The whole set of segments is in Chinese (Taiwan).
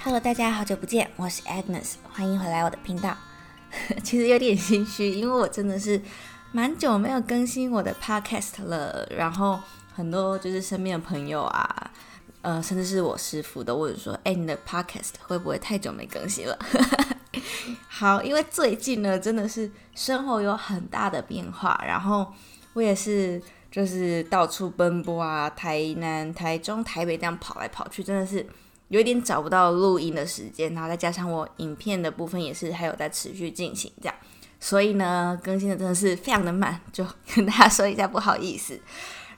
Hello，大家好久不見，我是 Agnes，歡迎回來我的頻道。 其實有點心虛，因為我真的是蠻久沒有更新我的 Podcast 了。然後很多就是身邊的朋友啊，呃、甚至是我師傅的，我就說，哎、欸，你的 Podcast 會不會太久沒更新了？ 好，因為最近呢，真的是生活有很大的變化，然後我也是就是到處奔波啊，台南、台中、台北這樣跑來跑去，真的是。有點找不到錄音的時間，然後再加上我影片的部分也是還有在持續進行這樣，所以呢，更新的真的是非常的慢，就跟大家說一下不好意思。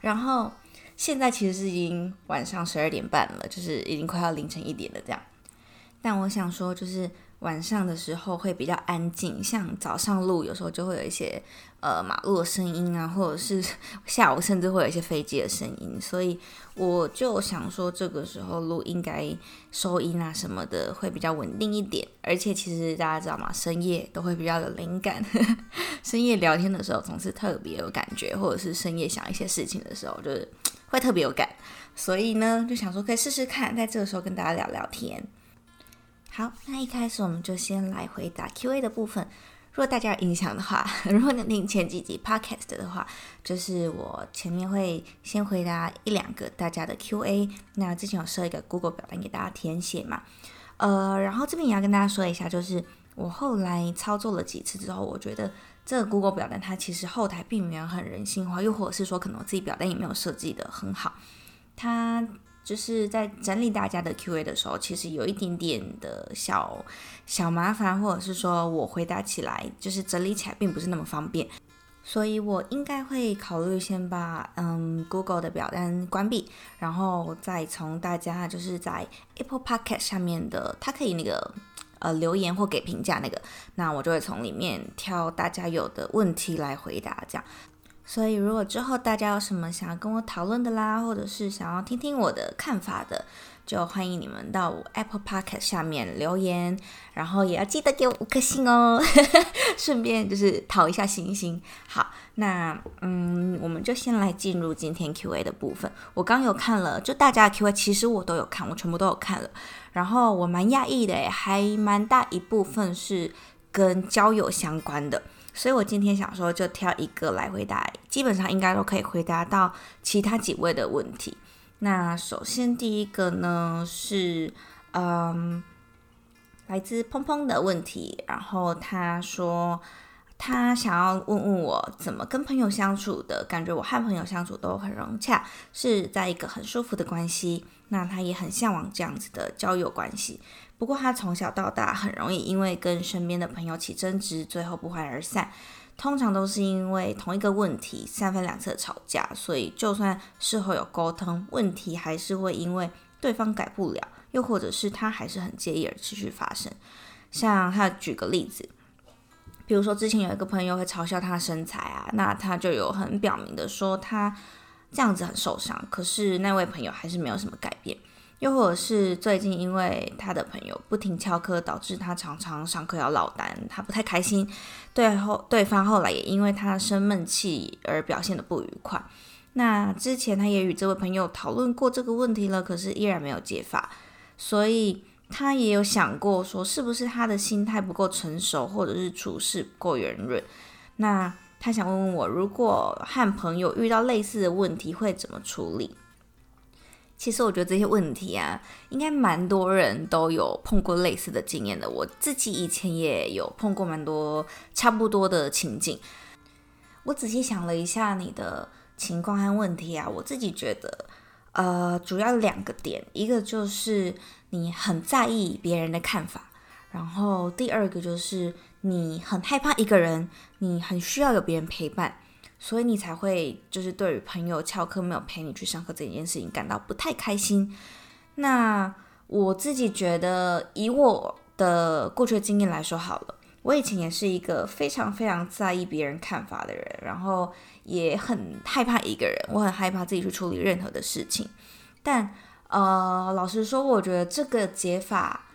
然後現在其實是已經晚上十二點半了，就是已經快要凌晨一點了這樣。但我想說就是。晚上的時候會比較安靜，像早上錄有時候就會有一些呃馬路的聲音啊，或者是下午甚至會有一些飛機的聲音，所以我就想說這個時候錄應該收音啊什麼的會比較穩定一點。而且其實大家知道嗎？深夜都會比較有靈感，呵呵深夜聊天的時候總是特別有感覺，或者是深夜想一些事情的時候就是會特別有感，所以呢就想說可以試試看，在這個時候跟大家聊聊天。好，那一開始我們就先來回答 Q&A 的部分。如果大家有印象的話，如果你聽前幾集，集 Podcast 的話，就是我前面會先回答一兩個大家的 Q&A。那之前有設一個 Google 表單給大家填寫嘛。呃，然後這邊也要跟大家說一下，就是我後來操作了幾次之後，我覺得這個 Google 表單它其實後台並沒有很人性化，又或者是說可能我自己表單也沒有設計得很好，它。就是在整理大家的 Q&A 的時候，其實有一點點的小小麻煩，或者是說我回答起來就是整理起來並不是那麼方便，所以我應該會考慮先把嗯 Google 的表單關閉，然後再從大家就是在 Apple Podcast 上面的，它可以那個呃留言或給評價那個，那我就會從裡面挑大家有的問題來回答，這樣。所以，如果之後大家有什麼想要跟我討論的啦，或者是想要聽聽我的看法的，就歡迎你們到我 Apple Podcast 下面留言，然後也要記得給我五顆星哦， 順便就是討一下星星。好，那嗯，我們就先來進入今天 Q A 的部分。我剛有看了，就大家的 Q A，其實我都有看，我全部都有看了。然後我蠻訝異的，還蠻大一部分是跟交友相關的。所以，我今天想說，就挑一個來回答，基本上應該都可以回答到其他幾位的問題。那首先第一個呢，是嗯，來自砰砰的問題，然後他說他想要問問我怎麼跟朋友相處的，感覺我和朋友相處都很融洽，是在一個很舒服的關係。那他也很向往這樣子的交友關係。不過他從小到大很容易因為跟身邊的朋友起爭執，最後不歡而散。通常都是因為同一個問題，三番兩次吵架，所以就算事後有溝通，問題還是會因為對方改不了，又或者是他還是很介意而持續發生。像他舉個例子，比如說之前有一個朋友會嘲笑他的身材啊，那他就有很表明的說他這樣子很受傷，可是那位朋友還是沒有什麼改變。又或者是最近因為他的朋友不停翹課，導致他常常上課要落單，他不太開心。對後對方後來也因為他生悶氣而表現得不愉快。那之前他也與這位朋友討論過這個問題了，可是依然沒有解法。所以他也有想過說，是不是他的心態不夠成熟，或者是處事不夠圓潤？那他想問問我，如果和朋友遇到類似的問題，會怎麼處理？其實我覺得這些問題啊，應該蠻多人都有碰過類似的經驗的。我自己以前也有碰過蠻多差不多的情景。我仔細想了一下你的情況和問題啊，我自己覺得，呃，主要兩個點，一個就是你很在意別人的看法，然後第二個就是你很害怕一個人，你很需要有別人陪伴。所以你才會就是對於朋友翹課沒有陪你去上課這件事情感到不太開心。那我自己覺得，以我的過去的經驗來說好了，我以前也是一個非常非常在意別人看法的人，然後也很害怕一個人，我很害怕自己去處理任何的事情。但呃，老實說，我覺得這個解法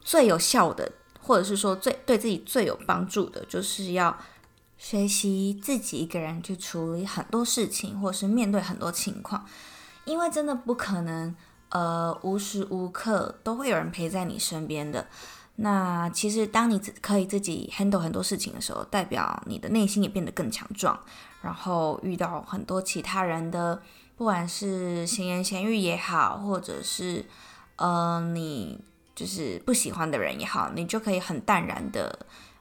最有效的，或者是說最對自己最有幫助的，就是要。學習自己一個人去處理很多事情，或是面對很多情況，因為真的不可能，呃，無時無刻都會有人陪在你身邊的。那其實當你自可以自己 handle 很多事情的時候，代表你的內心也變得更強壯。然後遇到很多其他人的，不管是閒言閒語也好，或者是，呃，你就是不喜歡的人也好，你就可以很淡然的。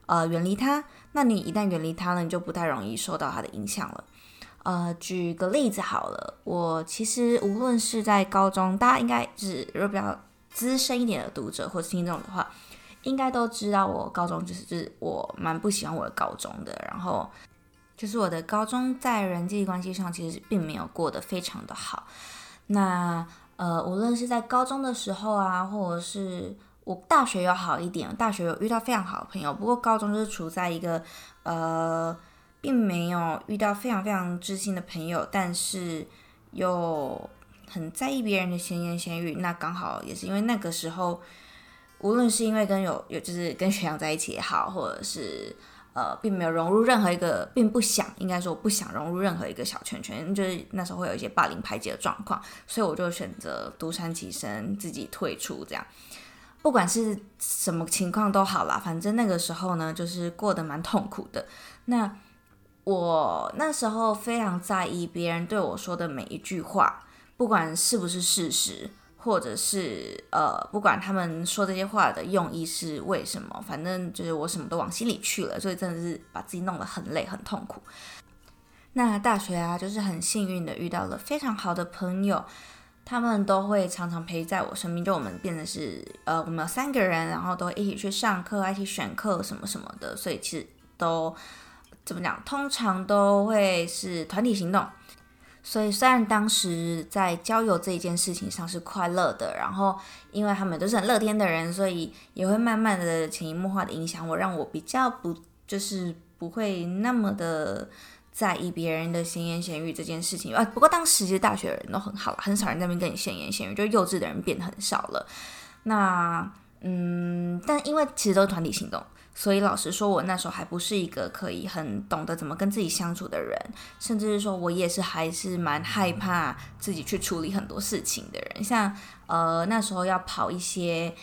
呃，遠離他，那你一旦遠離他了，你就不太容易受到他的影響了。呃，舉個例子好了，我其實無論是在高中，大家應該是如果比較資深一點的讀者或者聽眾的話，應該都知道我高中就是就是我蠻不喜歡我的高中的，然後就是我的高中在人際關係上其實並沒有過得非常的好。那呃，無論是在高中的時候啊，或者是，我大學有好一點，大學有遇到非常好的朋友，不過高中就是處在一個，呃，並沒有遇到非常非常知心的朋友，但是又很在意別人的閒言閒語。那剛好也是因為那個時候，無論是因為跟有有就是跟學長在一起也好，或者是呃，並沒有融入任何一個，並不想應該說我不想融入任何一個小圈圈，就是那時候會有一些霸凌排擠的狀況，所以我就選擇獨善其身，自己退出這樣。不管是什麼情況都好啦，反正那個時候呢，就是過得蠻痛苦的。那我那時候非常在意別人對我說的每一句話，不管是不是事實，或者是呃，不管他們說這些話的用意是為什麼，反正就是我什麼都往心裡去了，所以真的是把自己弄得很累很痛苦。那大學啊，就是很幸運的遇到了非常好的朋友。他們都會常常陪在我身邊，就我們變成是，呃，我們有三個人，然後都一起去上課，一起選課什麼什麼的，所以其實都怎麼講，通常都會是團體行動。所以雖然當時在交友這一件事情上是快樂的，然後因為他們都是很樂天的人，所以也會慢慢的潛移默化的影響我，讓我比較不就是不會那麼的。在意別人的閒言閒語這件事情啊，不過當時其實大學的人都很好，很少人在那邊跟你閒言閒語，就是幼稚的人變得很少了。那嗯，但因為其實都是團體行動，所以老實說，我那時候還不是一個可以很懂得怎麼跟自己相處的人，甚至是說我也是還是蠻害怕自己去處理很多事情的人，像呃那時候要跑一些。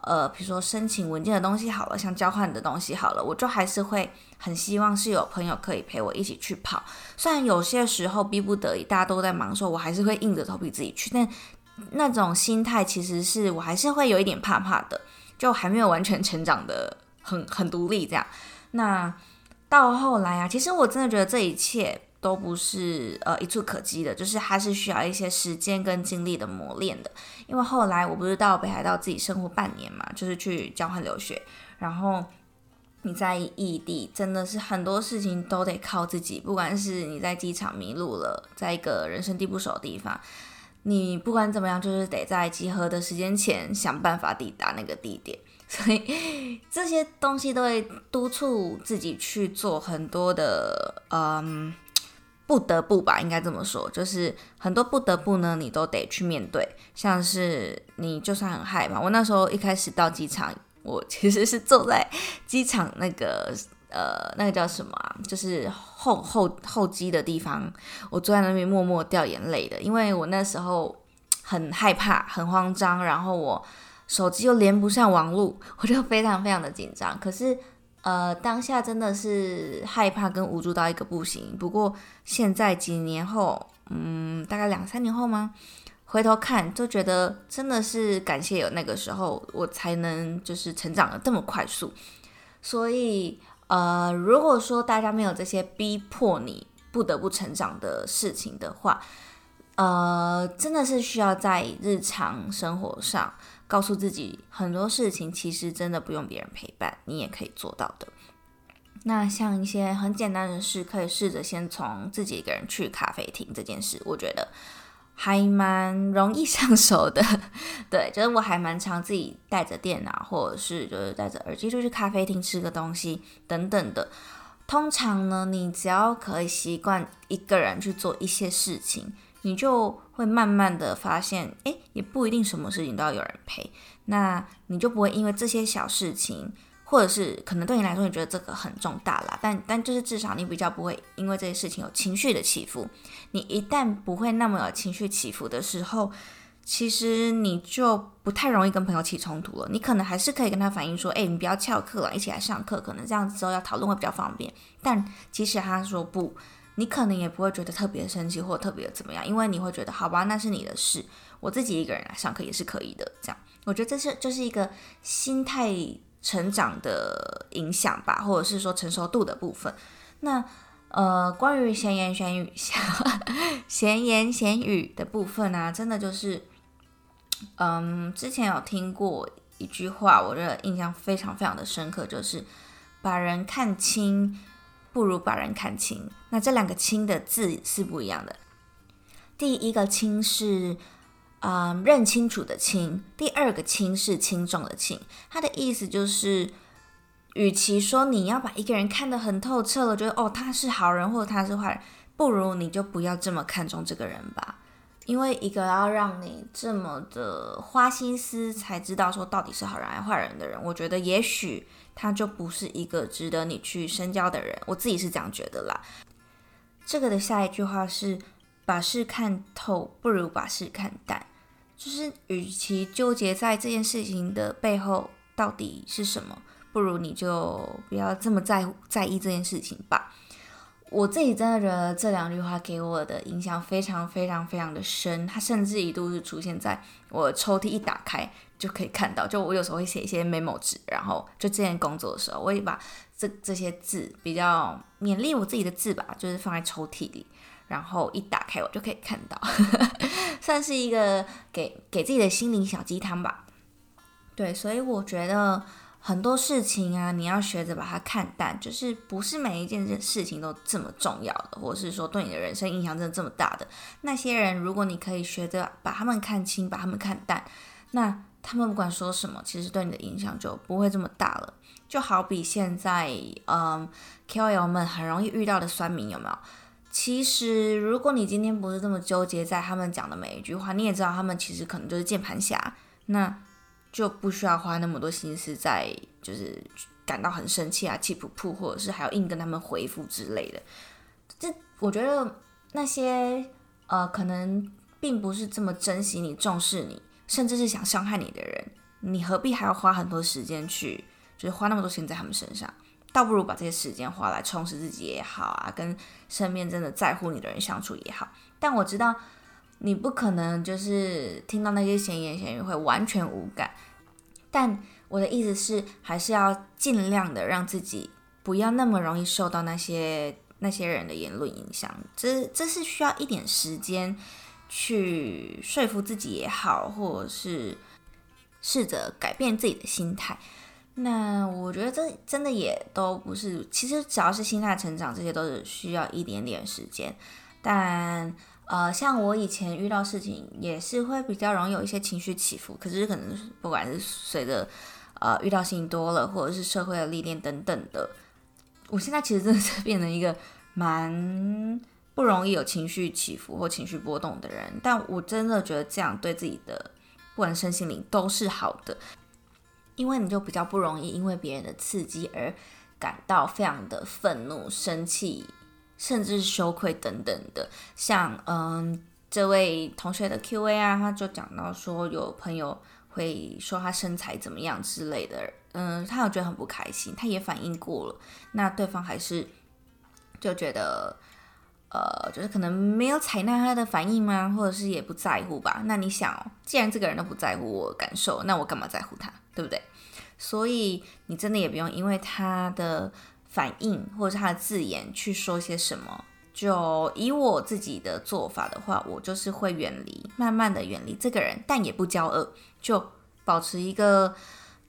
呃，比如說申請文件的東西好了，像交換的東西好了，我就還是會很希望是有朋友可以陪我一起去跑。雖然有些時候逼不得已，大家都在忙說，說我還是會硬着頭皮自己去，但那種心態其實是我還是會有一點怕怕的，就還沒有完全成長得很很獨立這樣。那到後來啊，其實我真的覺得這一切。都不是呃一蹴可及的，就是它是需要一些時間跟精力的磨練的。因為後來我不是到北海道自己生活半年嘛，就是去交換留學。然後你在異地，真的是很多事情都得靠自己。不管是你在機場迷路了，在一個人生地不熟的地方，你不管怎麼樣，就是得在集合的時間前想辦法抵達那個地點。所以這些東西都會督促自己去做很多的，嗯。不得不吧，應該這麼說，就是很多不得不呢，你都得去面對。像是你就算很嗨嘛，我那時候一開始到機場，我其實是坐在機場那個呃那個叫什麼啊，就是候候候機的地方，我坐在那邊默默掉眼淚的，因為我那時候很害怕、很慌張，然後我手機又連不上網絡，我就非常非常的緊張。可是呃，當下真的是害怕跟無助到一個不行。不過現在幾年後，嗯，大概兩三年後嗎？回頭看就覺得真的是感謝有那個時候，我才能就是成長得這麼快速。所以，呃，如果說大家沒有這些逼迫你不得不成長的事情的話，呃，真的是需要在日常生活上。告訴自己很多事情其實真的不用別人陪伴，你也可以做到的。那像一些很簡單的事，可以試着先從自己一個人去咖啡廳這件事，我覺得還蠻容易上手的。 對，就是我還蠻常自己帶着電腦，或者是就是帶着耳機就去咖啡廳吃個東西等等的。通常呢，你只要可以習慣一個人去做一些事情，你就，會慢慢的發現，誒，也不一定什麼事情都要有人陪。那你就不會因為這些小事情，或者是可能對你來說，你覺得這個很重大啦。但但就是至少你比較不會因為這些事情有情緒的起伏。你一旦不會那麼有情緒起伏的時候，其實你就不太容易跟朋友起衝突了。你可能還是可以跟他反映說，誒，你不要翹課了，一起來上課，可能這樣子之後要討論會比較方便。但即使他說不。你可能也不會覺得特別生氣或特別怎麼樣，因為你會覺得好吧，那是你的事，我自己一個人來上課也是可以的。這樣，我覺得這是就是一個心態成長的影響吧，或者是說成熟度的部分。那呃，關於閒言閒語、閒言閒語的部分呢、啊，真的就是，嗯，之前有聽過一句話，我覺得印象非常非常的深刻，就是把人看清。不如把人看輕。那這兩個“清”的字是不一樣的。第一個“清”是啊，認清楚的“清”；第二個“輕”是輕重的“輕”。他的意思就是，與其說你要把一個人看得很透徹了，覺得哦，他是好人或者他是壞人，不如你就不要這麼看重這個人吧。因為一個要讓你這麼的花心思才知道說到底是好人還是壞人的人，我覺得也許。他就不是一個值得你去深交的人，我自己是這樣覺得啦。這個的下一句話是：把事看透，不如把事看淡。就是與其糾結在這件事情的背後到底是什麼，不如你就不要這麼在乎、在意這件事情吧。我自己真的覺得這兩句話給我的影響非常非常非常的深，它甚至一度是出現在我抽屜一打開就可以看到。就我有時候會寫一些 memo 紙，然後就之前工作的時候，我也把這這些字比較勉勵我自己的字吧，就是放在抽屜裡，然後一打開我就可以看到， 算是一個給給自己的心靈小雞湯吧。對，所以我覺得。很多事情啊，你要學着把它看淡，就是不是每一件事情都這麼重要的，或者是說對你的人生影響真的這麼大的那些人，如果你可以學着把他們看清，把他們看淡，那他們不管說什麼，其實對你的影響就不會這麼大了。就好比現在，嗯，KOL 們很容易遇到的酸民有沒有？其實如果你今天不是這麼糾結在他們講的每一句話，你也知道他們其實可能就是鍵盤俠，那。就不需要花那麼多心思在，就是感到很生氣啊、氣噗噗，或者是還要硬跟他們回覆之類的。這我覺得那些呃，可能並不是這麼珍惜你、重視你，甚至是想傷害你的人，你何必還要花很多時間去，就是花那麼多心在他們身上？倒不如把這些時間花來充實自己也好啊，跟身邊真的在乎你的人相處也好。但我知道。你不可能就是聽到那些閒言閒語會完全無感，但我的意思是，還是要盡量的讓自己不要那麼容易受到那些那些人的言論影響。這這是需要一點時間去說服自己也好，或者是試着改變自己的心態。那我覺得這真的也都不是，其實只要是心態成長，這些都是需要一點點時間，但。呃，像我以前遇到事情也是會比較容易有一些情緒起伏，可是可能不管是隨着呃遇到事情多了，或者是社會的歷練等等的，我現在其實真的是變成一個蠻不容易有情緒起伏或情緒波動的人。但我真的覺得這樣對自己的不管身心靈都是好的，因為你就比較不容易因為別人的刺激而感到非常的憤怒、生氣。甚至羞愧等等的，像嗯，這位同學的 Q&A 啊，他就講到說有朋友會說他身材怎麼樣之類的，嗯，他有覺得很不開心，他也反應過了，那對方還是就覺得，呃，就是可能沒有採納他的反應嗎？或者是也不在乎吧？那你想，既然這個人都不在乎我感受，那我幹嘛在乎他，對不對？所以你真的也不用因為他的。反應或者他的字眼去說些什麼，就以我自己的做法的話，我就是會遠離，慢慢的遠離這個人，但也不交惡，就保持一個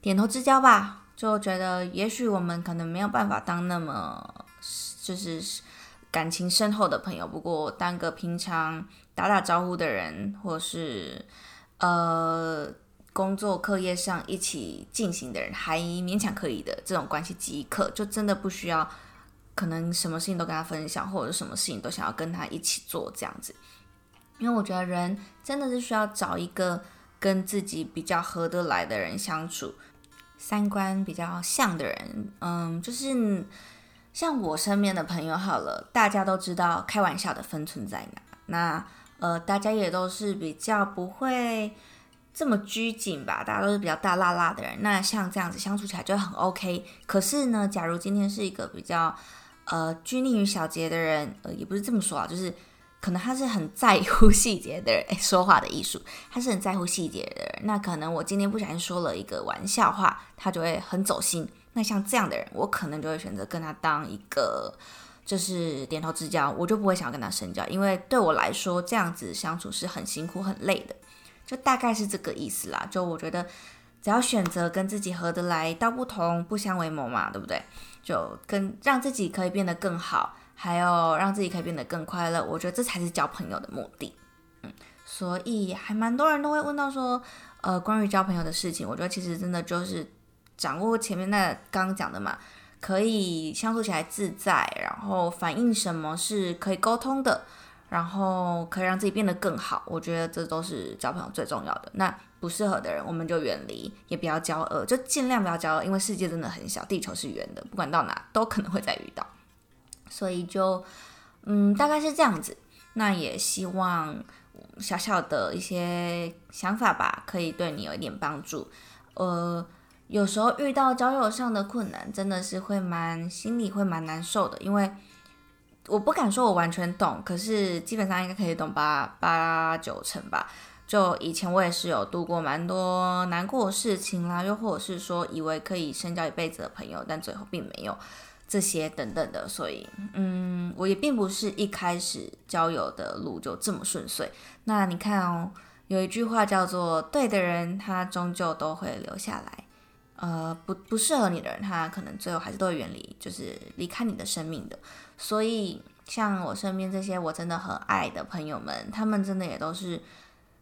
點頭之交吧。就覺得也許我們可能沒有辦法當那麼就是感情深厚的朋友，不過當個平常打打招呼的人，或是呃。工作、課業上一起進行的人還勉強可以的，這種關係即可，就真的不需要可能什麼事情都跟他分享，或者什麼事情都想要跟他一起做這樣子。因為我覺得人真的是需要找一個跟自己比較合得來的人相處，三觀比較像的人，嗯，就是像我身邊的朋友好了，大家都知道開玩笑的分寸在哪，那呃，大家也都是比較不會。這麼拘謹吧，大家都是比較大剌剌的人。那像這樣子相處起來就很 OK。可是呢，假如今天是一個比較呃拘泥於小節的人，呃也不是這麼說啊，就是可能他是很在乎細節的人。說話的藝術，他是很在乎細節的人。那可能我今天不小心說了一個玩笑話，他就會很走心。那像這樣的人，我可能就會選擇跟他當一個就是點頭之交，我就不會想要跟他深交，因為對我來說，這樣子相處是很辛苦很累的。就大概是這個意思啦。就我覺得，只要選擇跟自己合得來，道不同不相為謀嘛，對不對？就跟讓自己可以變得更好，還有讓自己可以變得更快樂，我覺得這才是交朋友的目的。嗯，所以還蠻多人都會問到說，呃，關於交朋友的事情，我覺得其實真的就是掌握前面那剛剛講的嘛，可以相處起來自在，然後反映什麼是可以溝通的。然後可以讓自己變得更好，我覺得這都是交朋友最重要的。那不適合的人，我們就遠離，也不要交惡，就儘量不要交惡，因為世界真的很小，地球是圓的，不管到哪都可能會再遇到。所以就，嗯，大概是這樣子。那也希望小小的一些想法吧，可以對你有一點幫助。呃，有時候遇到交友上的困難，真的是會蠻心裡會蠻難受的，因為。我不敢說，我完全懂，可是基本上應該可以懂八八九成吧。就以前我也是有度過蠻多難過的事情啦，又或者是說以為可以深交一輩子的朋友，但最後並沒有這些等等的，所以嗯，我也並不是一開始交友的路就這麼順遂。那你看哦，有一句話叫做“對的人他終究都會留下來，呃，不不適合你的人，他可能最後還是都會遠離，就是離開你的生命的。”所以，像我身邊這些我真的很愛的朋友們，他們真的也都是，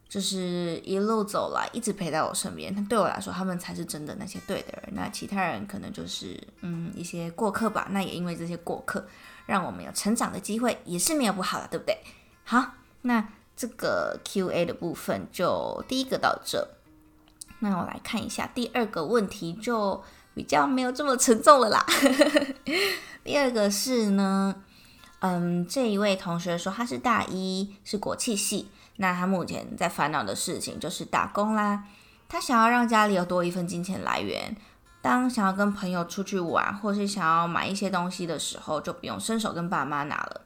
就是一路走來，一直陪在我身邊。他對我來說，他們才是真的那些對的人。那其他人可能就是，嗯，一些過客吧。那也因為這些過客，讓我們有成長的機會，也是沒有不好的，對不對？好，那這個 QA 的部分就第一個到這。那我來看一下第二個問題就。比較沒有這麼沉重了啦。 第二個是呢，嗯，這一位同學說他是大一，是國企系，那他目前在煩惱的事情就是打工啦。他想要讓家裡有多一份金錢來源，當想要跟朋友出去玩或是想要買一些東西的時候，就不用伸手跟爸媽拿了。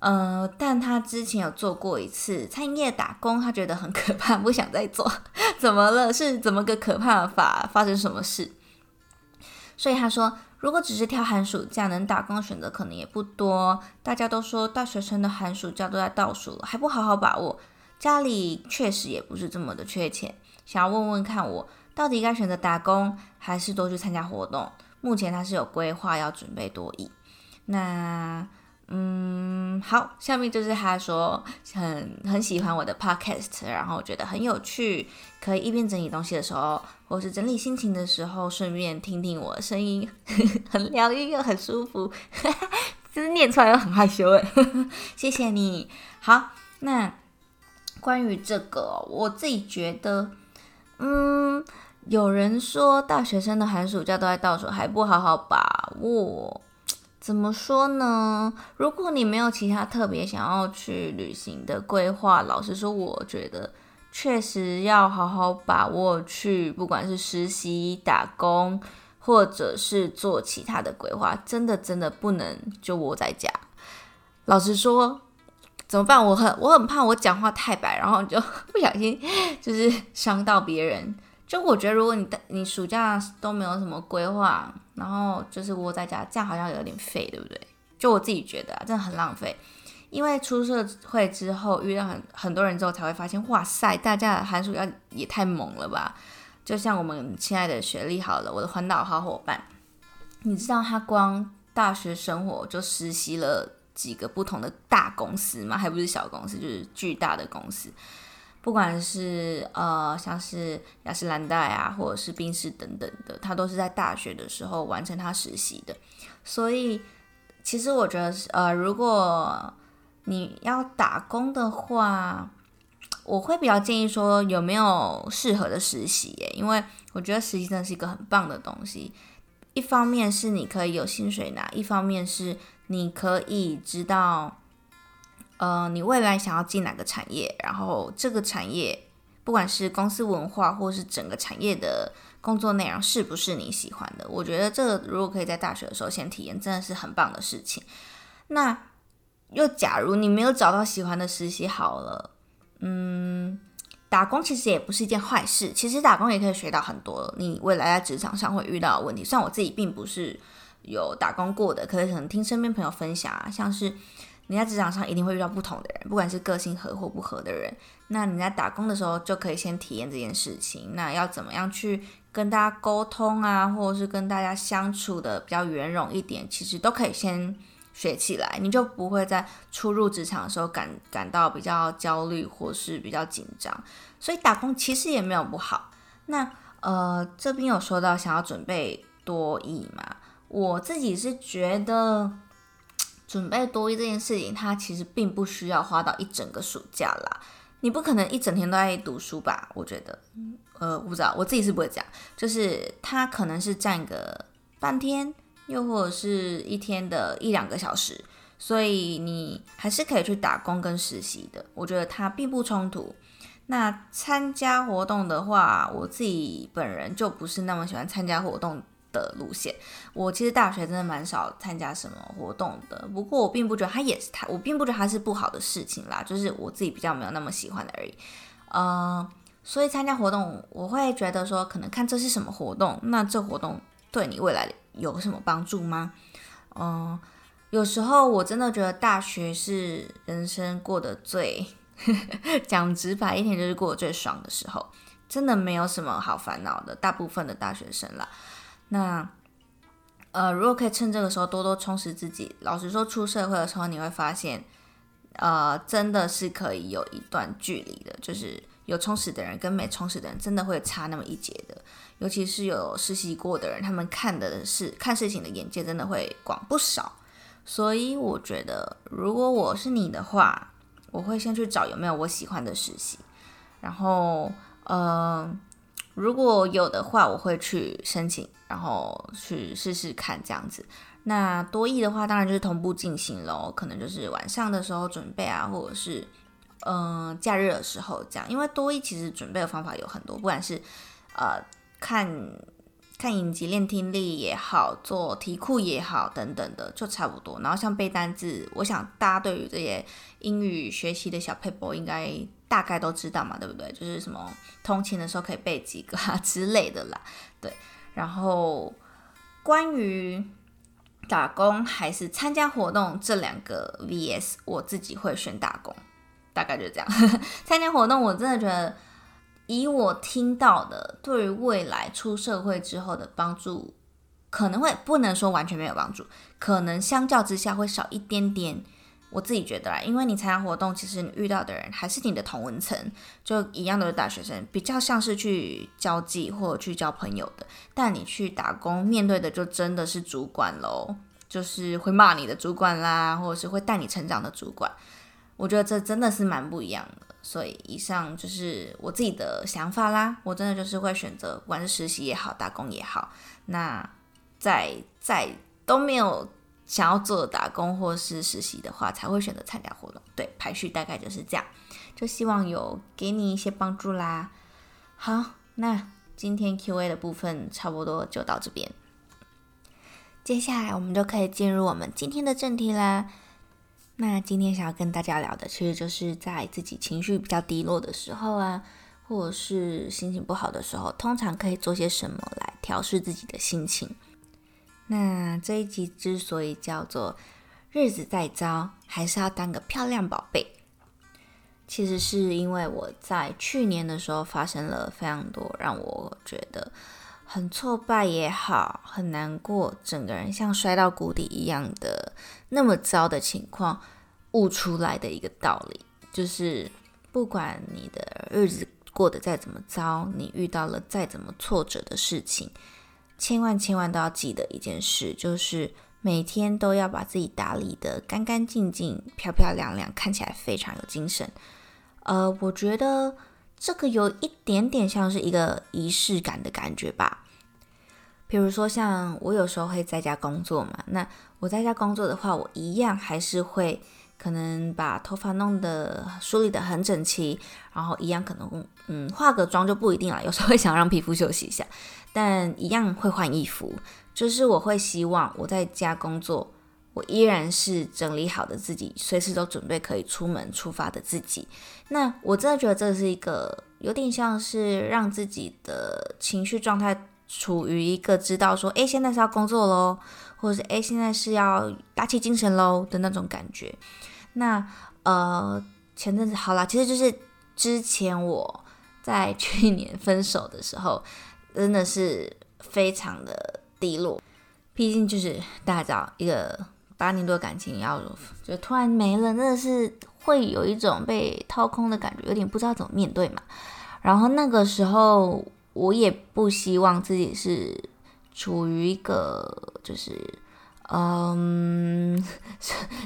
呃、嗯，但他之前有做過一次餐飲業打工，他覺得很可怕，不想再做。 怎麼了？是怎麼個可怕法？發生什麼事？所以他說，如果只是挑寒暑假能打工的選擇，可能也不多。大家都說大學生的寒暑假都在倒數了，還不好好把握。家裡確實也不是這麼的缺錢，想要問問看我到底該選擇打工，還是多去參加活動。目前他是有規劃要準備多益，那。嗯，好，下面就是他說很很喜歡我的 podcast，然後我覺得很有趣，可以一邊整理東西的時候，或是整理心情的時候，順便聽聽我的聲音，呵呵很療癒又很舒服。就是念出來又很害羞欸，謝謝你。好，那關於這個，我自己覺得，嗯，有人說大學生的寒暑假都在倒數，還不好好把握。怎麼說呢？如果你沒有其他特別想要去旅行的規劃，老實說，我覺得確實要好好把握去，不管是實習、打工，或者是做其他的規劃，真的真的不能就窩在家。老實說，怎麼辦？我很我很怕我講話太白，然後就不小心就是傷到別人。就我覺得，如果你的你暑假都沒有什麼規劃。然後就是窩在家，這樣好像有點廢，對不對？就我自己覺得，啊，真的很浪費。因為出社會之後，遇到很很多人之後，才會發現，哇塞，大家的寒暑假也太猛了吧！就像我們親愛的雪莉好了，我的環島好夥伴，你知道他光大學生活就實習了幾個不同的大公司嗎？還不是小公司，就是巨大的公司。不管是呃，像是雅詩蘭黛啊，或者是賓士等等的，他都是在大學的時候完成他實習的。所以，其實我覺得，呃，如果你要打工的話，我會比較建議說有沒有適合的實習耶，因為我覺得實習生是一個很棒的東西。一方面是你可以有薪水拿，一方面是你可以知道。呃，你未來想要進哪個產業？然後這個產業，不管是公司文化，或是整個產業的工作內容，是不是你喜歡的？我覺得這個如果可以在大學的時候先體驗，真的是很棒的事情。那又假如你沒有找到喜歡的實習好了，嗯，打工其實也不是一件壞事。其實打工也可以學到很多你未來在職場上會遇到的問題。雖然我自己並不是有打工過的，可是可能聽身邊朋友分享、啊，像是。你在職場上一定會遇到不同的人，不管是個性合或不合的人，那你在打工的時候就可以先體驗這件事情。那要怎麼樣去跟大家溝通啊，或者是跟大家相處的比較圓融一點，其實都可以先學起來，你就不會在初入職場的時候感感到比較焦慮或是比較緊張。所以打工其實也沒有不好。那呃這邊有說到想要準備多益嘛，我自己是覺得。準備多益這件事情，它其實並不需要花到一整個暑假啦。你不可能一整天都在讀書吧？我覺得，嗯、呃，我不知道我自己是不會講。就是它可能是佔個半天，又或者是一天的一兩個小時，所以你還是可以去打工跟實習的。我覺得它並不衝突。那參加活動的話，我自己本人就不是那麼喜歡參加活動的路線，我其實大學真的蠻少參加什麼活動的。不過我並不覺得它也是它，我並不覺得它是不好的事情啦，就是我自己比較沒有那麼喜歡的而已。呃，所以參加活動，我會覺得說，可能看這是什麼活動，那這活動對你未來有什麼幫助嗎？嗯、呃，有時候我真的覺得大學是人生過得最 講直白，一點就是過得最爽的時候，真的沒有什麼好煩惱的，大部分的大學生啦。那，呃，如果可以趁這個時候多多充實自己，老實說，出社會的時候你會發現，呃，真的是可以有一段距離的，就是有充實的人跟沒充實的人，真的會差那麼一截的。尤其是有實習過的人，他們看的是看事情的眼界真的會廣不少。所以我覺得，如果我是你的話，我會先去找有沒有我喜歡的實習，然後，呃，如果有的話，我會去申請。然後去試試看這樣子。那多益的話，當然就是同步進行咯，可能就是晚上的時候準備啊，或者是嗯、呃，假日的時候這樣。因為多益其實準備的方法有很多，不管是呃，看看影集練聽力也好，做題庫也好，等等的，就差不多。然後像背單字，我想大家對於這些英語學習的小撇步應該大概都知道嘛，對不對？就是什麼通勤的時候可以背幾個啊之類的啦，對。然後，關於打工還是參加活動這兩個 VS，我自己會選打工。大概就這樣， 參加活動我真的覺得，以我聽到的，對於未來出社會之後的幫助，可能會不能說完全沒有幫助，可能相較之下會少一點點。我自己覺得啦，因為你參加活動，其實你遇到的人還是你的同溫層，就一樣都是大學生，比較像是去交際或者去交朋友的。但你去打工，面對的就真的是主管嘍，就是會罵你的主管啦，或者是會帶你成長的主管。我覺得這真的是蠻不一樣的。所以以上就是我自己的想法啦。我真的就是會選擇，不管是實習也好，打工也好，那在在都沒有，想要做打工或是實習的話，才會選擇參加活動。對，排序大概就是這樣，就希望有給你一些幫助啦。好，那今天 QA 的部分差不多就到這邊，接下來我們就可以進入我們今天的正題啦。那今天想要跟大家聊的，其實就是在自己情緒比較低落的時候啊，或者是心情不好的時候，通常可以做些什麼來調適自己的心情。那這一集之所以叫做“日子再糟，還是要當個漂亮寶貝”，其實是因為我在去年的時候發生了非常多讓我覺得很挫敗也好，很難過，整個人像摔到谷底一樣的那麼糟的情況，悟出來的一個道理，就是不管你的日子過得再怎麼糟，你遇到了再怎麼挫折的事情。千萬千萬都要記得一件事，就是每天都要把自己打理得乾乾淨淨、漂漂亮亮，看起來非常有精神。呃，我覺得這個有一點點像是一個儀式感的感覺吧。比如說，像我有時候會在家工作嘛，那我在家工作的話，我一樣還是會可能把頭髮弄得梳理得很整齊，然後一樣可能，嗯，化個妝就不一定了，有時候會想讓皮膚休息一下。但一樣會換衣服，就是我會希望我在家工作，我依然是整理好的自己，隨時都準備可以出門出發的自己。那我真的覺得這是一個有點像是讓自己的情緒狀態處於一個知道說，哎，現在是要工作嘍，或者是哎，現在是要打起精神嘍的那種感覺。那呃，前陣子好啦，其實就是之前我在去年分手的時候。真的是非常的低落，畢竟就是大家一個八年多的感情要就突然沒了，那是會有一種被掏空的感覺，有點不知道怎麼面對嘛。然後那個時候我也不希望自己是處於一個就是嗯，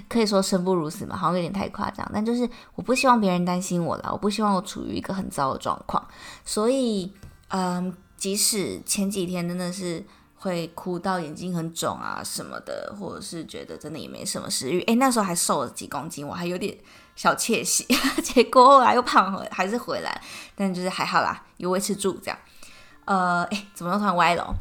可以說生不如死嘛，好像有點太誇張，但就是我不希望別人擔心我啦，我不希望我處於一個很糟的狀況，所以嗯。即使前幾天真的是會哭到眼睛很腫啊什麼的，或者是覺得真的也沒什麼食欲，誒，那時候還瘦了幾公斤，我還有點小竊喜。結果後來又胖回，還是回來，但就是還好啦，有維持住這樣。呃，誒，怎麼突然歪了？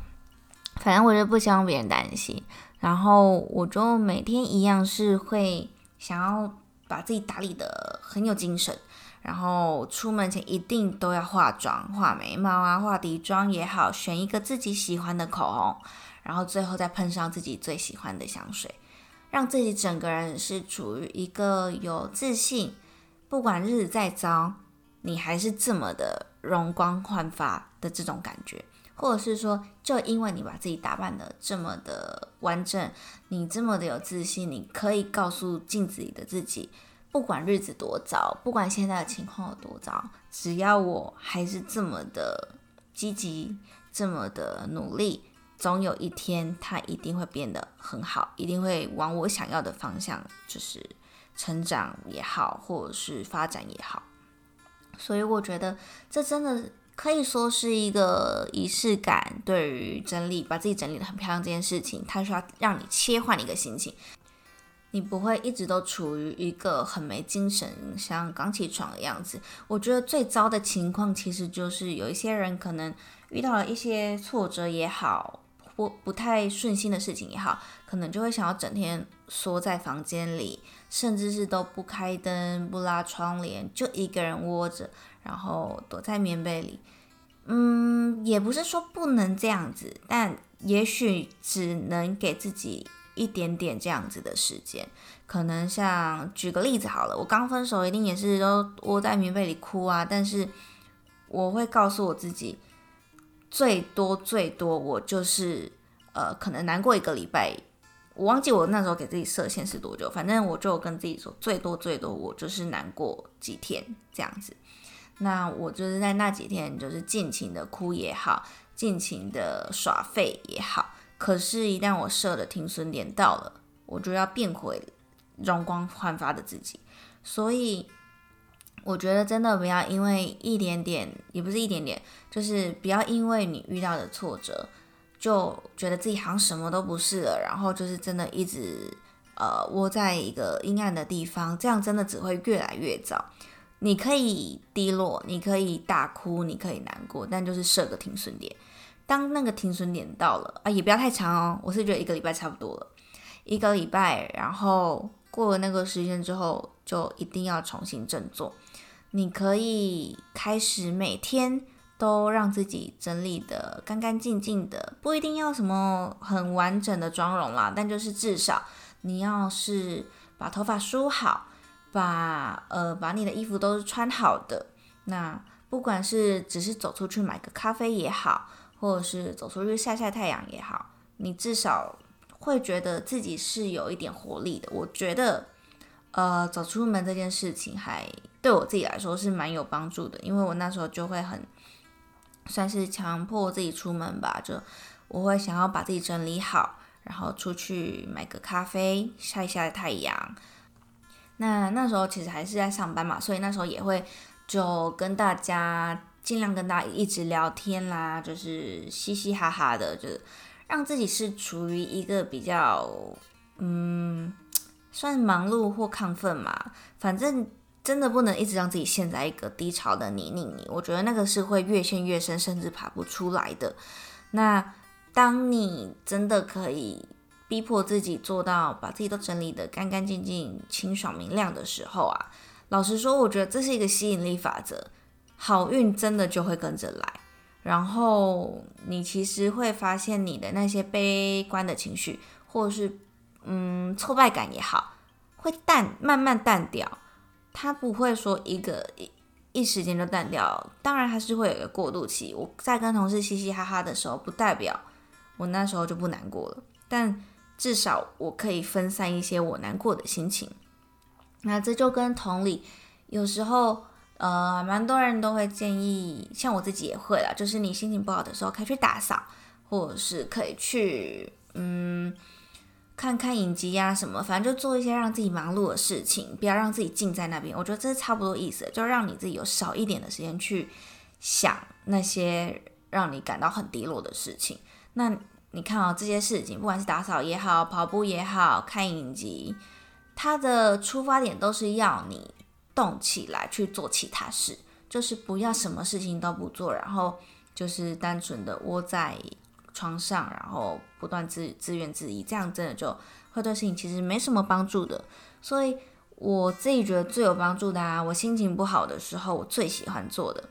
反正我就不希望別人擔心。然後我就每天一樣是會想要把自己打理的很有精神。然後出門前一定都要化妝，畫眉毛啊，畫底妝也好，選一個自己喜歡的口紅，然後最後再噴上自己最喜歡的香水，讓自己整個人是處於一個有自信，不管日子再糟，你還是這麼的容光煥發的這種感覺，或者是說，就因為你把自己打扮得這麼的完整，你這麼的有自信，你可以告訴鏡子裡的自己。不管日子多糟，不管現在的情況有多糟，只要我還是這麼的積極，這麼的努力，總有一天它一定會變得很好，一定會往我想要的方向，就是成長也好，或者是發展也好。所以我覺得這真的可以說是一個儀式感，對於整理，把自己整理得很漂亮的這件事情，它說要讓你切換一個心情。你不會一直都處於一個很沒精神，像剛起床的樣子。我覺得最糟的情況其實就是有一些人可能遇到了一些挫折也好，不不太順心的事情也好，可能就會想要整天縮在房間裡，甚至是都不開燈，不拉窗簾，就一個人窩着，然後躲在棉被裡。嗯，也不是說不能這樣子，但也許只能給自己。一點點這樣子的時間，可能像舉個例子好了，我剛分手一定也是都窩在棉被裡哭啊。但是我會告訴我自己，最多最多我就是呃可能難過一個禮拜。我忘記我那時候給自己設限是多久，反正我就跟自己說，最多最多我就是難過幾天這樣子。那我就是在那幾天就是盡情的哭也好，盡情的耍廢也好。可是，一旦我設的停損點到了，我就要變回容光煥發的自己。所以，我覺得真的不要因為一點點，也不是一點點，就是不要因為你遇到的挫折，就覺得自己好像什麼都不是了，然後就是真的一直呃窩在一個陰暗的地方，這樣真的只會越來越糟。你可以低落，你可以大哭，你可以難過，但就是設個停損點。當那個停損點到了啊，也不要太長哦。我是覺得一個禮拜差不多了，一個禮拜，然後過了那個時間之後，就一定要重新振作。你可以開始每天都讓自己整理得乾乾淨淨的，不一定要什麼很完整的妝容啦，但就是至少你要是把頭髮梳好，把呃把你的衣服都是穿好的，那不管是只是走出去買個咖啡也好。或者是走出去曬曬太陽也好，你至少會覺得自己是有一點活力的。我覺得，呃，走出門這件事情還對我自己來說是蠻有幫助的，因為我那時候就會很算是強迫自己出門吧，就我會想要把自己整理好，然後出去買個咖啡，曬曬太陽。那那時候其實還是在上班嘛，所以那時候也會就跟大家，盡量跟大家一直聊天啦，就是嘻嘻哈哈的，就是讓自己是處於一個比較嗯算忙碌或亢奮嘛，反正真的不能一直讓自己陷在一個低潮的泥濘裡，我覺得那個是會越陷越深，甚至爬不出來的。那當你真的可以逼迫自己做到把自己都整理得乾乾淨淨、清爽明亮的時候啊，老實說，我覺得這是一個吸引力法則。好運真的就會跟着來，然後你其實會發現你的那些悲觀的情緒，或者是嗯挫敗感也好，會淡慢慢淡掉。它不會說一個一，一時間就淡掉，當然還是會有一個過渡期。我在跟同事嘻嘻哈哈的時候，不代表我那時候就不難過了，但至少我可以分散一些我難過的心情。那這就跟同理，有時候。呃，蠻多人都會建議，像我自己也會啊。就是你心情不好的時候，可以去打掃，或者是可以去嗯看看影集啊什麼，反正就做一些讓自己忙碌的事情，不要讓自己靜在那邊。我覺得這是差不多意思，就讓你自己有少一點的時間去想那些讓你感到很低落的事情。那你看啊、哦，這些事情，不管是打掃也好，跑步也好，看影集，它的出發點都是要你。動起來去做其他事，就是不要什麼事情都不做，然後就是單純的窩在床上，然後不斷自自怨自艾，這樣真的就會對事情其實沒什麼幫助的。所以我自己覺得最有幫助的啊，我心情不好的時候，我最喜歡做的，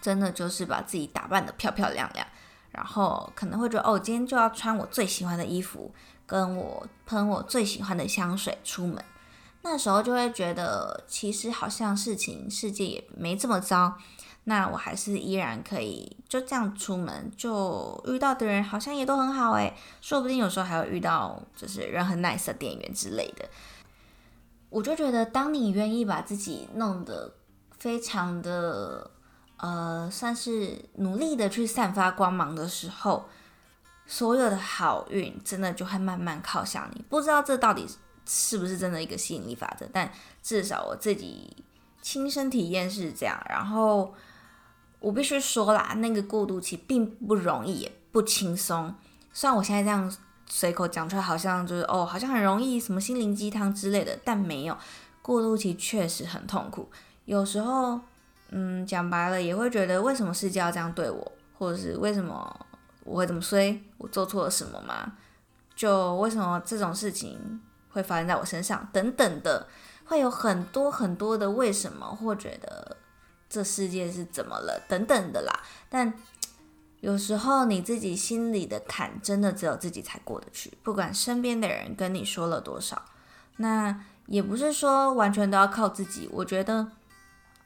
真的就是把自己打扮得漂漂亮亮，然後可能會覺得哦，今天就要穿我最喜歡的衣服，跟我噴我最喜歡的香水出門。那時候就會覺得，其實好像事情、世界也沒這麼糟。那我還是依然可以就這樣出門，就遇到的人好像也都很好哎、欸。說不定有時候還會遇到就是人很 nice 的店員之類的。我就覺得，當你願意把自己弄得非常的呃，算是努力的去散發光芒的時候，所有的好運真的就會慢慢靠向你。不知道這到底是。是不是真的一個吸引力法則？但至少我自己親身體驗是這樣。然後我必須說啦，那個過渡期並不容易，也不輕鬆。雖然我現在這樣隨口講出來，好像就是哦，好像很容易，什麼心靈雞湯之類的，但沒有。過渡期確實很痛苦。有時候，嗯，講白了，也會覺得為什麼世界要這樣對我，或者是為什麼我會這麼衰？我做錯了什麼嗎？就為什麼這種事情？會發生在我身上，等等的，會有很多很多的為什麼，或覺得這世界是怎麼了，等等的啦。但有時候你自己心裡的坎，真的只有自己才過得去，不管身邊的人跟你說了多少，那也不是說完全都要靠自己。我覺得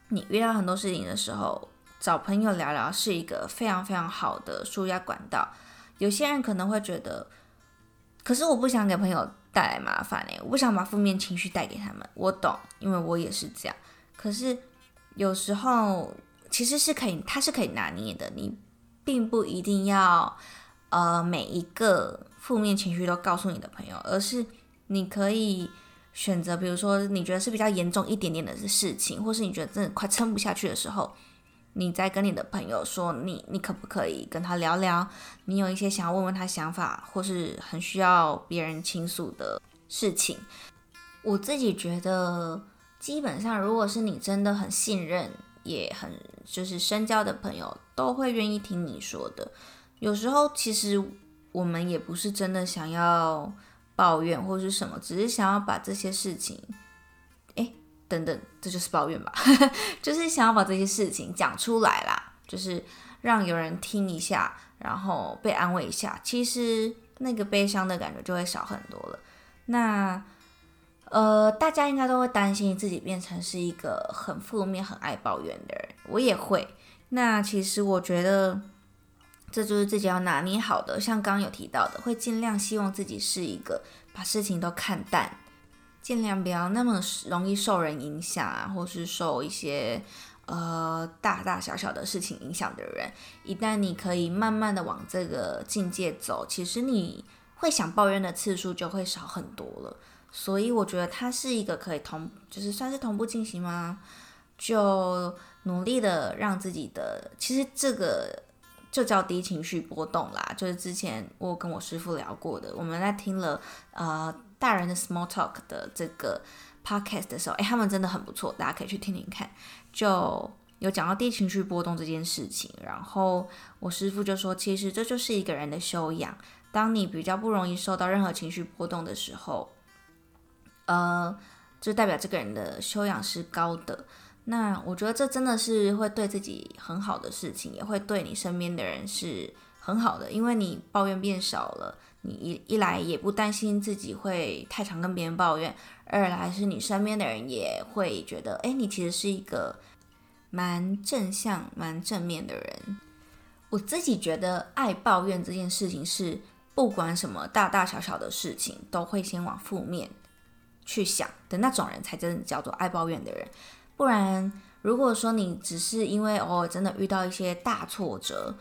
你遇到很多事情的時候，找朋友聊聊是一個非常非常好的紓壓管道。有些人可能會覺得，可是我不想給朋友。帶來麻煩呢、欸，我不想把負面情緒帶給他們，我懂，因為我也是這樣。可是有時候其實是可以，他是可以拿捏的，你並不一定要呃每一個負面情緒都告訴你的朋友，而是你可以選擇，比如說你覺得是比較嚴重一點點的事情，或是你覺得真的快撐不下去的時候。你在跟你的朋友說你，你可不可以跟他聊聊？你有一些想要問問他想法，或是很需要別人傾訴的事情。我自己覺得，基本上如果是你真的很信任，也很就是深交的朋友，都會願意聽你說的。有時候其實我們也不是真的想要抱怨或者是什麼，只是想要把這些事情。等等，這就是抱怨吧， 就是想要把這些事情講出來啦，就是讓有人聽一下，然後被安慰一下，其實那個悲傷的感覺就會少很多了。那呃，大家應該都會擔心自己變成是一個很負面、很愛抱怨的人，我也會。那其實我覺得這就是自己要拿捏好的，像剛剛有提到的，會盡量希望自己是一個把事情都看淡。盡量不要那麼容易受人影響啊，或是受一些呃大大小小的事情影響的人。一旦你可以慢慢的往這個境界走，其實你會想抱怨的次數就會少很多了。所以我覺得它是一個可以同，就是算是同步進行嗎？就努力的讓自己的，其實這個就叫低情緒波動啦。就是之前我跟我師父聊過的，我們在聽了呃，大人的 small talk 的這個 podcast 的時候，誒，他們真的很不錯，大家可以去聽聽看。就有講到低情緒波動這件事情，然後我師傅就說，其實這就是一個人的修養。當你比較不容易受到任何情緒波動的時候，呃，就代表這個人的修養是高的。那我覺得這真的是會對自己很好的事情，也會對你身邊的人是。很好的，因為你抱怨變少了。你一來也不擔心自己會太常跟別人抱怨，二來是你身邊的人也會覺得，哎，你其實是一個蠻正向、蠻正面的人。我自己覺得，愛抱怨這件事情是，不管什麼大大小小的事情，都會先往負面去想的那種人，才真的叫做愛抱怨的人。不然，如果說你只是因為偶爾真的遇到一些大挫折，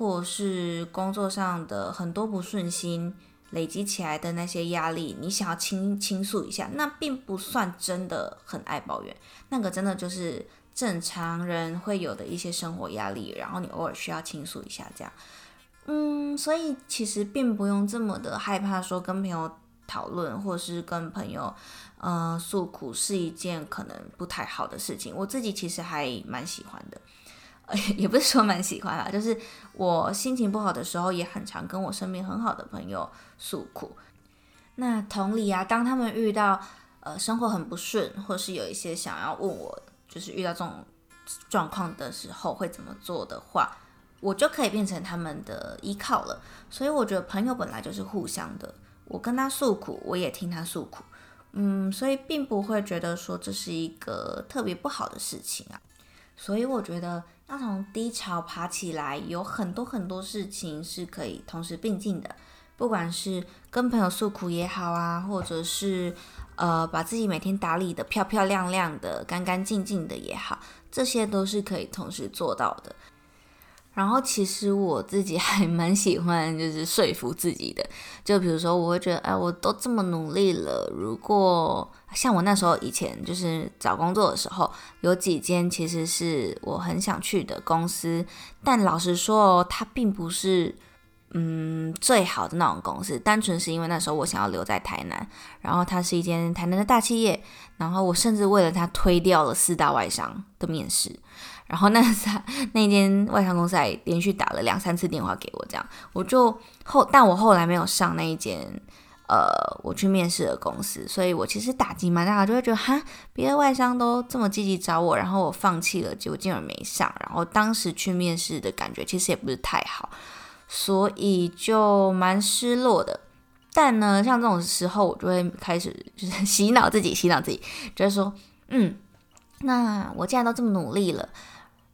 或是工作上的很多不順心累積起來的那些壓力，你想要傾傾訴一下，那並不算真的很愛抱怨，那個真的就是正常人會有的一些生活壓力，然後你偶爾需要傾訴一下這樣，嗯，所以其實並不用這麼的害怕說跟朋友討論，或是跟朋友呃訴苦是一件可能不太好的事情，我自己其實還蠻喜歡的。也不是說蠻喜歡吧，就是我心情不好的時候，也很常跟我身邊很好的朋友訴苦。那同理啊，當他們遇到呃生活很不順，或是有一些想要問我，就是遇到這種狀況的時候會怎麼做的話，我就可以變成他們的依靠了。所以我覺得朋友本來就是互相的，我跟他訴苦，我也聽他訴苦，嗯，所以並不會覺得說這是一個特別不好的事情啊。所以我覺得。那從低潮爬起來，有很多很多事情是可以同時並進的。不管是跟朋友訴苦也好啊，或者是呃把自己每天打理得漂漂亮亮的、干干淨淨的也好，這些都是可以同時做到的。然後其實我自己還蠻喜歡，就是說服自己的。就比如說，我會覺得，哎，我都這麼努力了。如果像我那時候以前就是找工作的時候，有幾間其實是我很想去的公司，但老實說，它並不是嗯最好的那種公司。單純是因為那時候我想要留在台南，然後它是一間台南的大企業，然後我甚至為了它推掉了四大外商的面試。然後那三那一間外商公司還連續打了兩三次電話給我，這樣我就後，但我後來沒有上那一間，呃，我去面試的公司，所以我其實打擊蠻大的，就會覺得哈，別的外商都這麼積極找我，然後我放棄了，結果竟然沒上，然後當時去面試的感覺其實也不是太好，所以就蠻失落的。但呢，像這種時候，我就會開始就是洗腦自己，洗腦自己，就是說，嗯，那我既然都這麼努力了。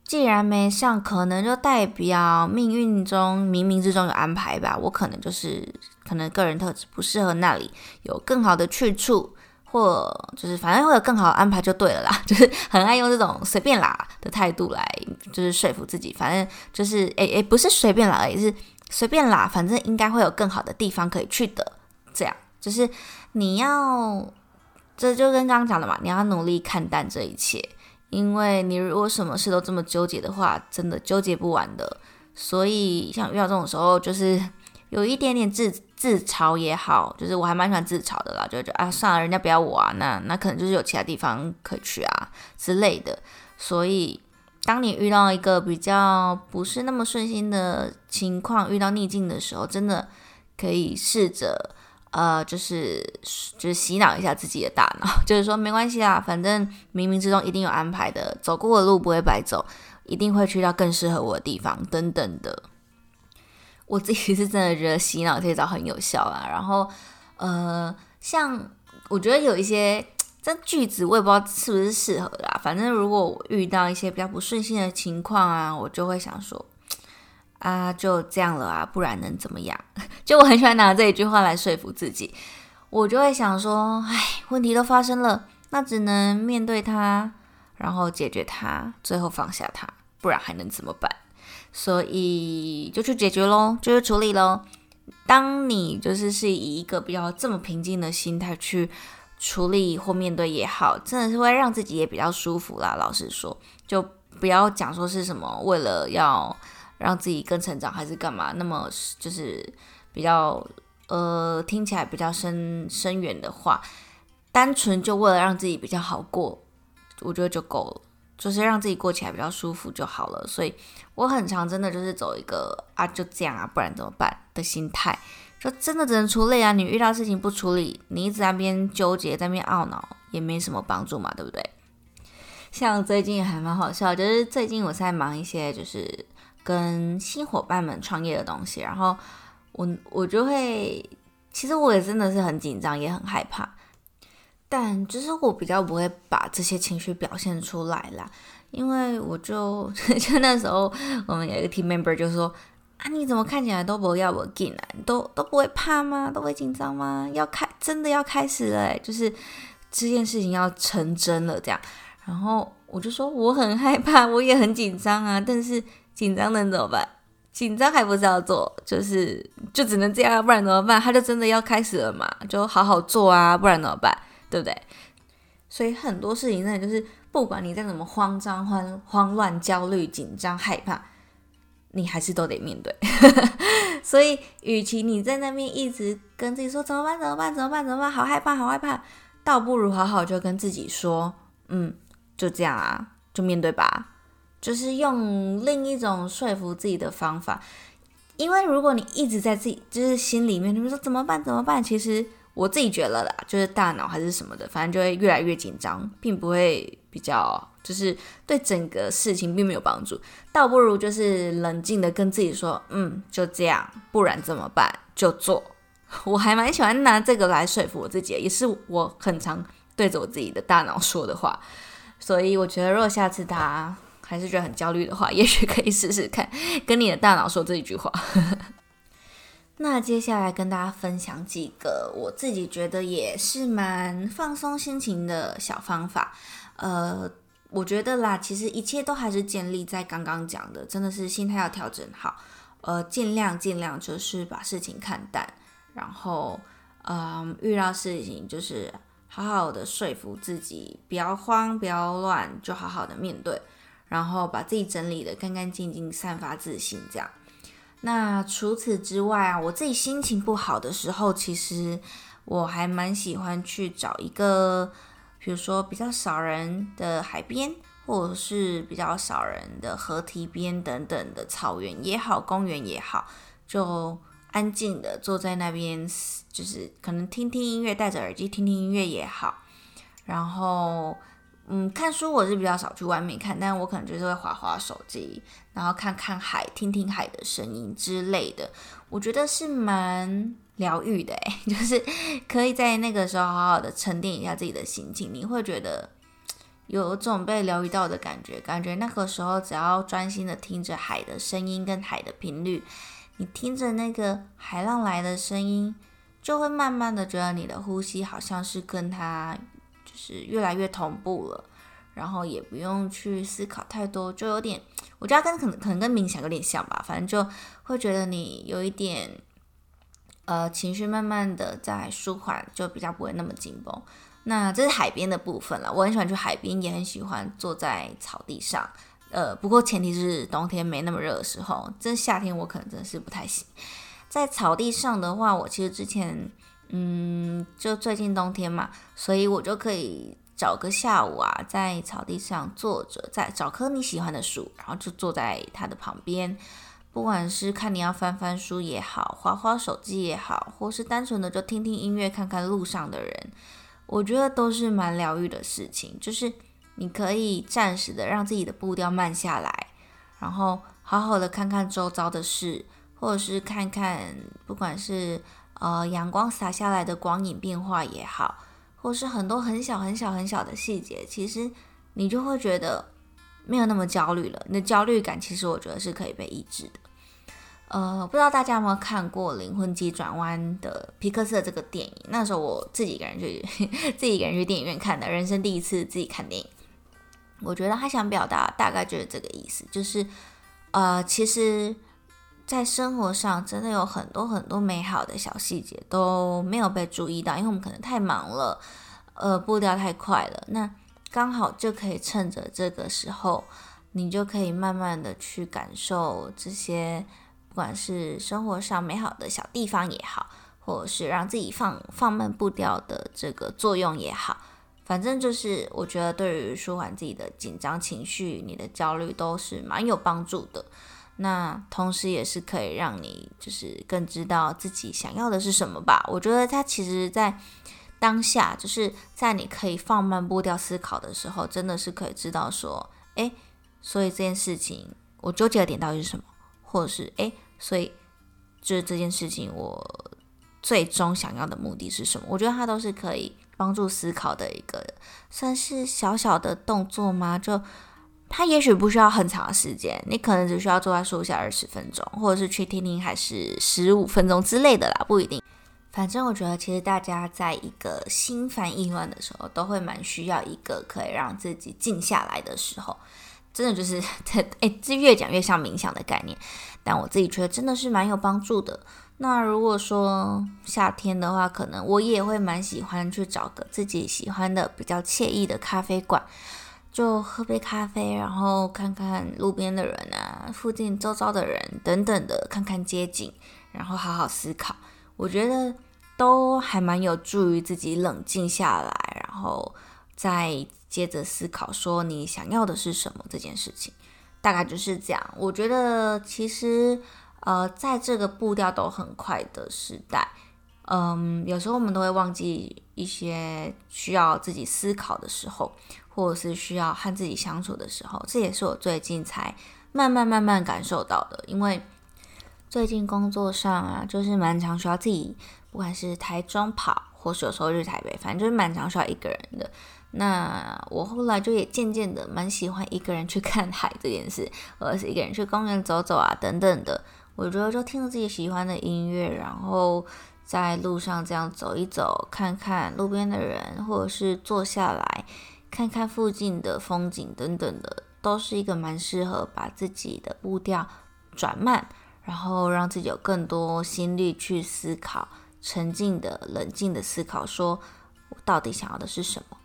既然沒上，可能就代表命運中冥冥之中有安排吧。我可能就是可能個人特質不適合那裡，有更好的去處，或就是反正會有更好的安排就對了啦。就是很愛用這種隨便啦的態度來，就是說服自己，反正就是誒誒、欸欸，不是隨便啦，也是隨便啦，反正應該會有更好的地方可以去的。這樣就是你要，這就跟剛剛講的嘛，你要努力看淡這一切。因為你如果什麼事都這麼糾結的話，真的糾結不完的。所以像遇到這種時候，就是有一點點自自嘲也好，就是我還蠻喜歡自嘲的啦，就覺得啊，算了，人家不要我啊，那那可能就是有其他地方可以去啊之類的。所以當你遇到一個比較不是那麼順心的情況，遇到逆境的時候，真的可以試着。呃，就是就是洗腦一下自己的大腦，就是說沒關係啊，反正冥冥之中一定有安排的，走過的路不會白走，一定會去到更適合我的地方，等等的。我自己是真的覺得洗腦這招很有效啊。然後呃，像我覺得有一些這句子我也不知道是不是適合的啦，反正如果我遇到一些比較不順心的情況啊，我就會想說。啊，就這樣了啊，不然能怎麼樣？ 就我很喜歡拿這一句話來說服自己，我就會想說，唉，問題都發生了，那只能面對它，然後解決它，最後放下它，不然還能怎麼辦？所以就去解決嘍，就去處理嘍。當你就是是以一個比較這麼平靜的心態去處理或面對也好，真的是會讓自己也比較舒服啦。老實說，就不要講說是什麼為了要。讓自己更成長還是幹嘛？那麼就是比較呃聽起來比較深深遠的話，單純就為了讓自己比較好過，我覺得就夠了，就是讓自己過起來比較舒服就好了。所以我很常真的就是走一個啊就這樣啊，不然怎麼辦的心態，就真的只能處理啊。你遇到事情不處理，你一直在那邊糾結，在那邊懊惱，也沒什麼幫助嘛，對不對？像最近也還蠻好笑，就是最近我在忙一些就是。跟新夥伴們創業的東西，然後我我就會，其實我也真的是很緊張，也很害怕，但就是我比較不會把這些情緒表現出來啦，因為我就就那時候我們有一個 team member 就說啊，你怎麼看起來都不要我進來，都都不會怕嗎？都會緊張嗎？要開真的要開始了欸，就是這件事情要成真了這樣，然後我就說我很害怕，我也很緊張啊，但是。緊張能怎麼辦？緊張還不是要做，就是就只能這樣啊，不然怎麼辦？他就真的要開始了嘛，就好好做啊，不然怎麼辦？對不對？所以很多事情呢，就是不管你再怎麼慌張、慌慌亂、焦慮、緊張、害怕，你還是都得面對。 所以，與其你在那邊一直跟自己說怎麼辦、怎麼辦、怎麼辦、怎麼辦好，好害怕、好害怕，倒不如好好就跟自己說，嗯，就這樣啊，就面對吧。就是用另一種說服自己的方法，因為如果你一直在自己就是心裡面你們說怎麼辦怎麼辦，其實我自己覺得啦，就是大腦還是什麼的，反正就會越來越緊張，並不會比較就是對整個事情並沒有幫助，倒不如就是冷靜的跟自己說，嗯，就這樣，不然怎麼辦，就做。我還蠻喜歡拿這個來說服我自己，也是我很常對着我自己的大腦說的話，所以我覺得如果下次他。還是覺得很焦慮的話，也許可以試試看，跟你的大腦說這一句話。 那接下來跟大家分享幾個我自己覺得也是蠻放鬆心情的小方法。呃，我覺得啦，其實一切都還是建立在剛剛講的，真的是心態要調整好。呃，盡量盡量就是把事情看淡，然後，嗯、呃，遇到事情就是好好的說服自己，不要慌，不要亂，就好好的面對。然後把自己整理得乾乾淨淨，散發自信這樣。那除此之外啊，我自己心情不好的時候，其實我還蠻喜歡去找一個，比如說比較少人的海邊，或者是比較少人的河堤邊等等的草原也好，公園也好，就安靜地坐在那邊，就是可能聽聽音樂，戴着耳機聽聽音樂也好，然後。嗯，看書我是比較少去外面看，但我可能就是會滑滑手機，然後看看海，聽聽海的聲音之類的。我覺得是蠻療癒的耶，就是可以在那個時候好好的沉澱一下自己的心情。你會覺得有種被療癒到的感覺，感覺那個時候只要專心的聽着海的聲音跟海的頻率，你聽着那個海浪來的聲音，就會慢慢的覺得你的呼吸好像是跟它。是越來越同步了，然後也不用去思考太多，就有點，我覺得跟可能可能跟冥想有點像吧，反正就會覺得你有一點，呃，情緒慢慢的在舒緩，就比較不會那麼緊繃。那這是海邊的部分了，我很喜歡去海邊，也很喜歡坐在草地上，呃，不過前提是冬天沒那麼熱的時候，這夏天我可能真的是不太行。在草地上的話，我其實之前。嗯，就最近冬天嘛，所以我就可以找個下午啊，在草地上坐着，再找棵你喜歡的樹，然後就坐在它的旁邊。不管是看你要翻翻書也好，滑滑手機也好，或是單純的就聽聽音樂、看看路上的人，我覺得都是蠻療癒的事情。就是你可以暫時的讓自己的步調慢下來，然後好好的看看周遭的事，或者是看看，不管是。呃，陽光灑下來的光影變化也好，或是很多很小很小很小的細節，其實你就會覺得沒有那麼焦慮了。那焦慮感其實我覺得是可以被抑制的。呃，不知道大家有沒有看過《靈魂急轉彎》的皮克斯的這個電影？那時候我自己一個人去，自己一個人去電影院看的，人生第一次自己看電影。我覺得他想表達大概就是這個意思，就是呃，其實。在生活上，真的有很多很多美好的小細節都沒有被注意到，因為我們可能太忙了，呃，步調太快了。那剛好就可以趁着這個時候，你就可以慢慢的去感受這些，不管是生活上美好的小地方也好，或者是讓自己放放慢步調的這個作用也好，反正就是我覺得對於舒緩自己的緊張情緒、你的焦慮都是蠻有幫助的。那同時，也是可以讓你就是更知道自己想要的是什麼吧。我覺得他其實，在當下，就是在你可以放慢步調思考的時候，真的是可以知道說，哎，所以這件事情我糾結的點到底是什麼，或者是哎，所以就是這件事情我最終想要的目的是什麼？我覺得它都是可以幫助思考的一個，算是小小的動作嘛，就。它也許不需要很長的時間，你可能只需要坐在樹下二十分鐘，或者是去聽聽還是十五分鐘之類的啦，不一定。反正我覺得，其實大家在一個心煩意亂的時候，都會蠻需要一個可以讓自己靜下來的時候。真的就是，哎、欸，這越講越像冥想的概念，但我自己覺得真的是蠻有幫助的。那如果說夏天的話，可能我也會蠻喜歡去找個自己喜歡的、比較愜意的咖啡館。就喝杯咖啡，然後看看路邊的人啊，附近周遭的人等等的，看看街景，然後好好思考。我覺得都還蠻有助於自己冷靜下來，然後再接着思考說你想要的是什麼這件事情。大概就是這樣。我覺得其實呃，在這個步調都很快的時代，嗯，有時候我們都會忘記一些需要自己思考的時候。或者是需要和自己相處的時候，這也是我最近才慢慢慢慢感受到的。因為最近工作上啊，就是蠻常需要自己，不管是台中跑，或是有時候就是台北，反正就是蠻常需要一個人的。那我後來就也漸漸的蠻喜歡一個人去看海這件事，或者是一個人去公園走走啊等等的。我覺得就聽着自己喜歡的音樂，然後在路上這樣走一走，看看路邊的人，或者是坐下來。看看附近的風景等等的，都是一個蠻適合把自己的步調轉慢，然後讓自己有更多心力去思考、沉靜的、冷靜的思考，說我到底想要的是什麼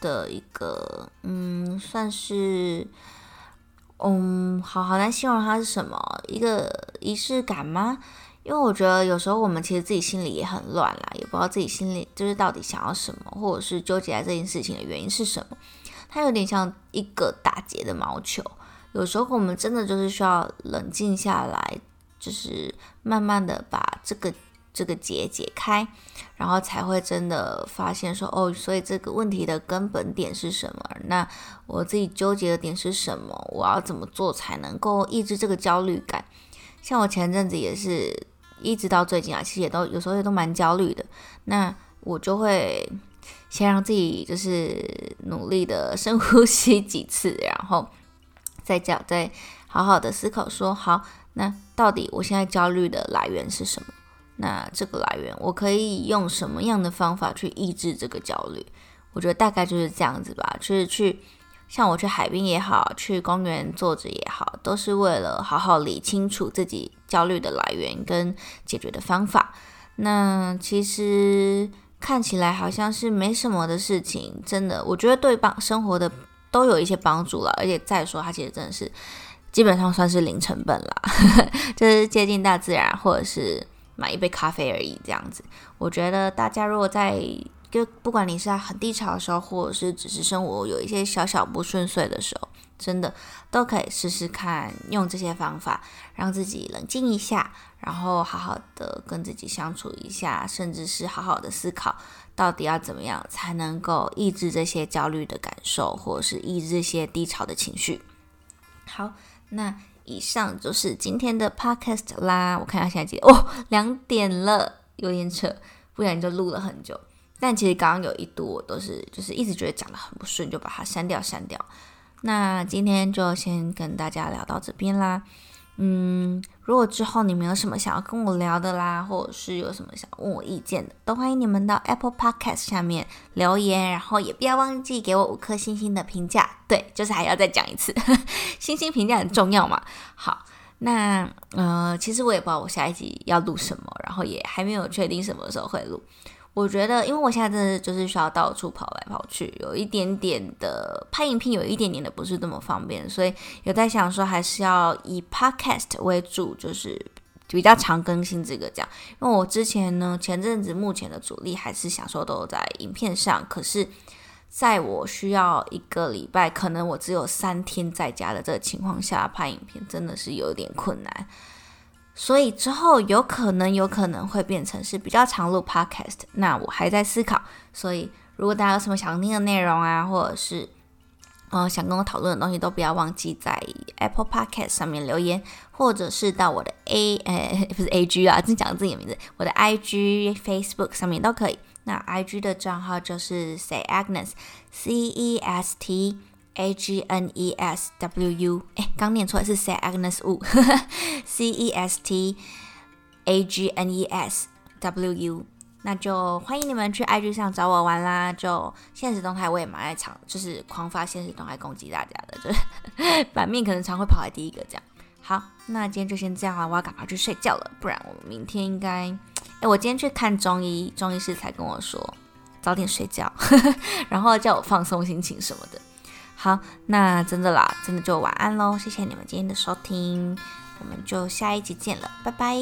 的一個，嗯，算是，嗯，好好難形容它是什麼，一個儀式感嗎？因為我覺得有時候我們其實自己心裡也很亂啦，也不知道自己心裡就是到底想要什麼，或者是糾結在這件事情的原因是什麼。它有點像一個打結的毛球。有時候我們真的就是需要冷靜下來，就是慢慢的把這個這個結解,解開，然後才會真的發現說，哦，所以這個問題的根本點是什麼？那我自己糾結的點是什麼？我要怎麼做才能夠抑制這個焦慮感？像我前陣子也是。一直到最近啊，其實也都有時候也都蠻焦慮的。那我就會先讓自己就是努力的深呼吸幾次，然後再講，再好好的思考說：好，那到底我現在焦慮的來源是什麼？那這個來源我可以用什麼樣的方法去抑制這個焦慮？我覺得大概就是這樣子吧。就是去像我去海邊也好，去公園坐着也好，都是為了好好理清楚自己。焦慮的來源跟解決的方法，那其實看起來好像是沒什麼的事情，真的，我覺得對幫生活的都有一些幫助了。而且再說，它其實真的是基本上算是零成本啦， 就是接近大自然或者是買一杯咖啡而已這樣子。我覺得大家如果在就不管你是在很低潮的時候，或者是只是生活有一些小小不順遂的時候，真的都可以試試看，用這些方法讓自己冷靜一下，然後好好的跟自己相處一下，甚至是好好的思考到底要怎麼樣才能夠抑制這些焦慮的感受，或者是抑制這些低潮的情緒。好，那以上就是今天的 podcast 啦。我看一下現在幾點，哦，兩點了，有點扯，不然就錄了很久。但其實剛剛有一度我都是就是一直覺得講的很不順，就把它刪掉，刪掉。那今天就先跟大家聊到這邊啦，嗯，如果之後你們有什麼想要跟我聊的啦，或者是有什麼想問我意見的，都歡迎你們到 Apple Podcast 下面留言，然後也不要忘記給我五顆星星的評價。對，就是還要再講一次， 星星評價很重要嘛。好，那呃，其實我也不知道我下一集要錄什麼，然後也還沒有確定什麼時候會錄。我覺得，因為我現在真的就是需要到處跑來跑去，有一點點的拍影片，有一點點的不是這麼方便，所以有在想說，還是要以 Podcast 為主，就是比較常更新這個這樣。因為我之前呢，前陣子目前的主力還是想說都在影片上，可是在我需要一個禮拜，可能我只有三天在家的這個情況下，拍影片真的是有點困難。所以之後有可能有可能會變成是比較常錄 podcast，那我還在思考。所以如果大家有什麼想聽的內容啊，或者是哦、呃、想跟我討論的東西，都不要忘記在 Apple Podcast 上面留言，或者是到我的 A 呃不是 A G 啊，正講自己的名字，我的 I G Facebook 上面都可以。那 I G 的賬號就是 Say Agnes C E S T。Agnes Wu，哎，剛念出來是 Cest Agnes Wu, 呵呵 C-E-S-T-Agnes Wu，Cest Agnes Wu，那就歡迎你們去 IG 上找我玩啦！就限時動態我也蠻愛藏，就是狂發限時動態攻擊大家的，就是反面可能常會跑來第一個這樣。好，那今天就先這樣啦，我要趕快去睡覺了，不然我明天應該……哎，我今天去看中醫，中醫師才跟我說早點睡覺呵呵，然後叫我放鬆心情什麼的。好，那真的啦，真的就晚安嘍，謝謝你們今天的收聽，我們就下一集見了，拜拜。